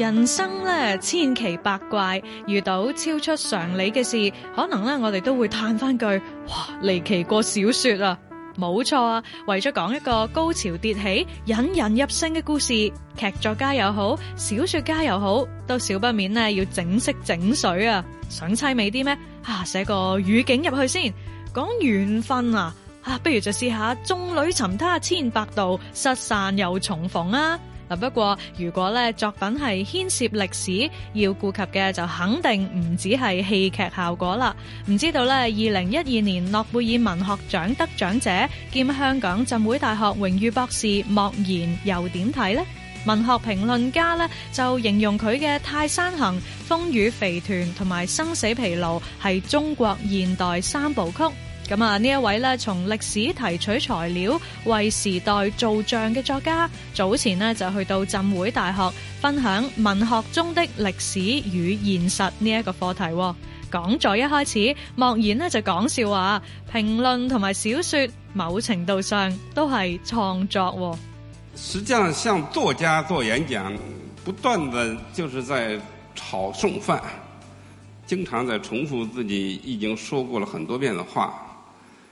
人生咧千奇百怪，遇到超出常理嘅事，可能咧我哋都會嘆翻句：哇，離奇過小說啊！冇錯啊，為咗講一個高潮迭起、引人入勝嘅故事，劇作家又好，小說家又好，都少不免呢，要整色整水啊！想凄美啲咩？啊，寫個雨景入去先，講緣分啊！啊，不如就試下眾裏尋他千百度，失散又重逢啊！嗱，不過如果咧作品係牽涉歷史，要顧及嘅就肯定唔止係戲劇效果啦。唔知道咧，二零一二年諾貝爾文學獎得獎者兼香港浸會大學榮譽博士莫言又點睇呢？文學評論家咧就形容佢嘅《檀香刑》《豐乳肥臀》同埋《生死疲勞》係中國現代三部曲。咁啊！呢一位呢從歷史提取材料、為時代造像嘅作家，早前呢就去到浸會大學分享文學中的歷史與現實呢一個課題。講座一開始，莫言就講笑話，評論同埋小說，某程度上都係創作。實際上，像作家做演講，不斷的就是在炒剩飯，經常在重複自己已經說過了很多遍的話。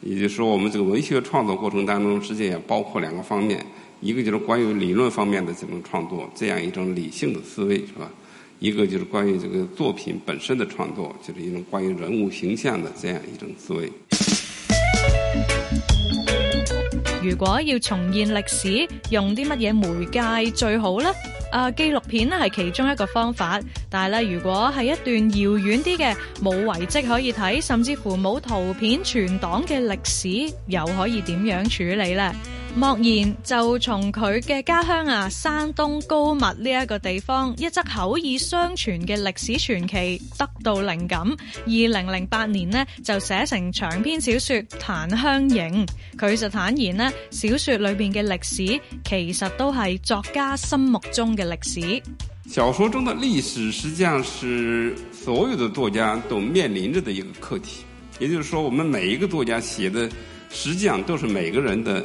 也就是說，我們這個文學創作過程當中，實際也包括兩個方面，一個就是關於理論方面的這種創作，這樣一種理性的思維，是吧？一個就是關於這個作品本身的創作，就是一種關於人物形象的這樣一種思維。如果要重現歷史，用啲乜嘢媒介最好呢？啊、呃！紀錄片咧係其中一個方法，但係咧，如果係一段遙遠啲嘅，冇遺跡可以睇，甚至乎冇圖片存檔嘅歷史，又可以點樣處理呢？莫言就從佢嘅家鄉啊，山東高密呢一個地方，一則口耳相傳嘅歷史傳奇得到靈感。二零零八年呢，就寫成長篇小說《檀香刑》。佢就坦言呢，小說裏面嘅歷史其實都係作家心目中嘅歷史。小說中的歷史實際上是所有的作家都面臨着的一個課題，也就是說，我們每一個作家寫的實際上都是每個人的。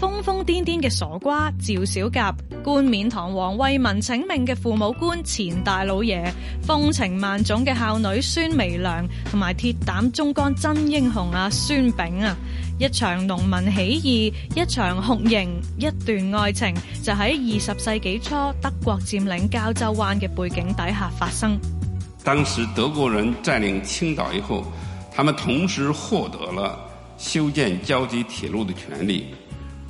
瘋瘋癲癲嘅傻瓜趙小甲，冠冕堂皇為民請命嘅父母官錢大老爺，風情萬種嘅孝女孫眉娘，同埋鐵膽忠肝真英雄阿、啊、孫炳啊！一場農民起義，一場酷刑，一段愛情，就喺二十世紀初德國佔領膠州灣嘅背景底下發生。當時德國人佔領青島以後，他們同時獲得了修建膠濟鐵路嘅權利。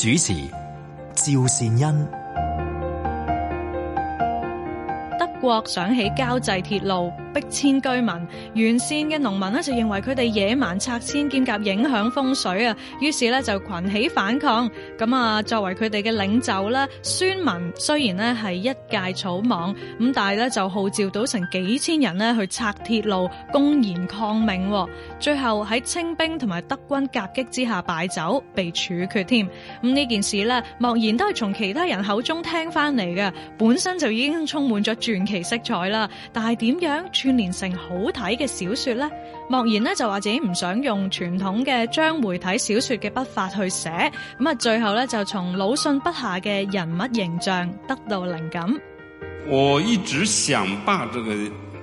主持趙善恩，德國想起膠濟鐵路。逼遷居民，原先嘅農民呢就認為佢哋野蠻拆遷兼夾影響風水啊，於是呢就群起反抗。咁啊，作為佢哋嘅領袖咧，孫文雖然呢係一介草莽，咁但係咧就號召到成幾千人呢去拆鐵路，公然抗命。最後喺清兵同埋德軍夾擊之下敗走，被處決添。咁呢件事呢，莫言都係從其他人口中聽翻嚟嘅，本身就已經充滿咗傳奇色彩啦。但係點樣？串聯成好睇嘅小說咧，莫言呢就話自己唔想用傳統嘅章回體小說嘅筆法去寫，咁啊最後咧就從魯迅筆下嘅人物形象得到靈感。我一直想把這個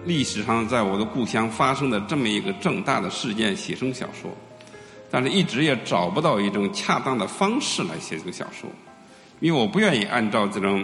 歷史上在我的故鄉發生的這麼一個重大的事件寫成小說，但是一直也找不到一種恰當的方式來寫這個小說，因為我不願意按照這種。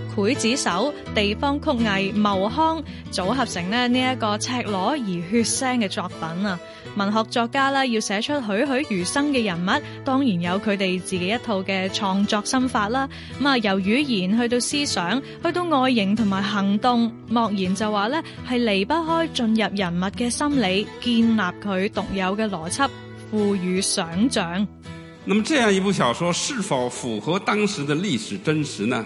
劊子手、地方曲藝、茂腔組合成呢呢一個赤裸而血腥嘅作品啊！文學作家啦，要寫出栩栩如生嘅人物，當然有佢哋自己一套嘅創作心法啦。咁啊，由語言去到思想，去到外形同埋行動，莫言就話呢係離不開進入人物嘅心理，建立佢獨有嘅邏輯，賦予想象。那麼這樣一部小說是否符合當時的歷史真實呢？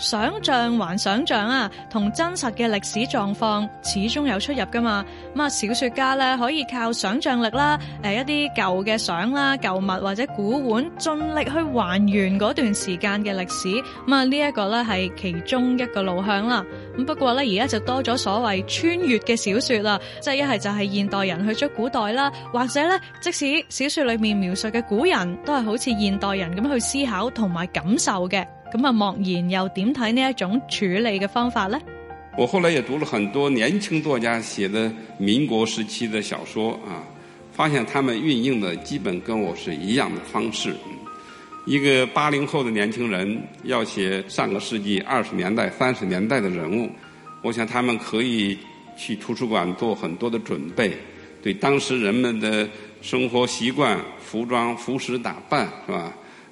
想象還想象啊，同真實嘅歷史狀況始終有出入噶嘛。咁啊，小說家咧可以靠想象力啦，誒一啲舊嘅相啦、舊物或者古玩，盡力去還原嗰段時間嘅歷史。咁啊，呢一個咧係其中一個路向啦。咁不過咧，而家就多咗所謂穿越嘅小說啦，即係一係就係、是、現代人去咗古代啦，或者咧，即使小說裏面描述嘅古人都係好似現代人咁去思考同埋感受嘅。咁啊，那莫言又點睇呢一種處理嘅方法呢？我後來也讀了很多年輕作家寫的民國時期的小說啊，發現他們運用的基本跟我是一樣的方式。一個八零後的年輕人要寫上個世紀二十年代、三十年代的人物，我想他們可以去圖書館做很多的準備，對當時人們的生活習慣、服裝、服飾打扮，是吧？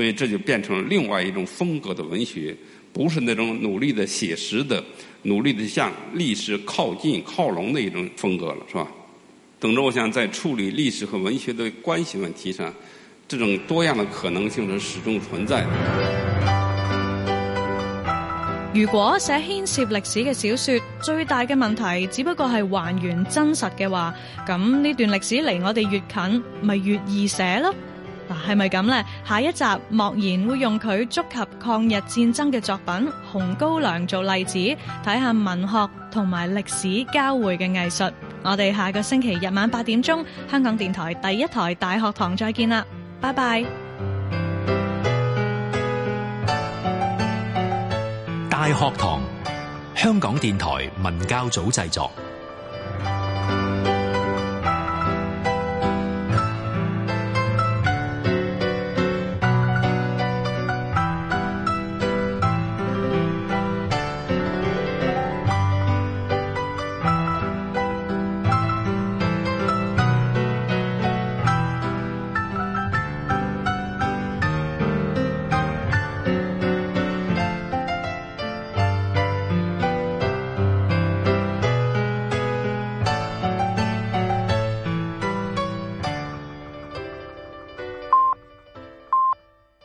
所以這就變成另外一種風格的文學，不是那種努力的寫實的、努力的向歷史靠近靠攏的一種風格了，是吧？等着我想在處理歷史和文學的關係問題上，這種多樣的可能性是始終存在的。如果寫牽涉歷史嘅小說，最大嘅問題只不過係還原真實嘅話，咁呢段歷史離我哋越近，咪越易寫咯？係咪咁呢？下一集莫言會用佢觸及抗日戰爭嘅作品《紅高粱》做例子，睇下文學同埋歷史交匯嘅藝術。我哋下個星期日晚八點鐘，香港電台第一台大學堂再見啦！拜拜。大學堂，香港電台文教組製作。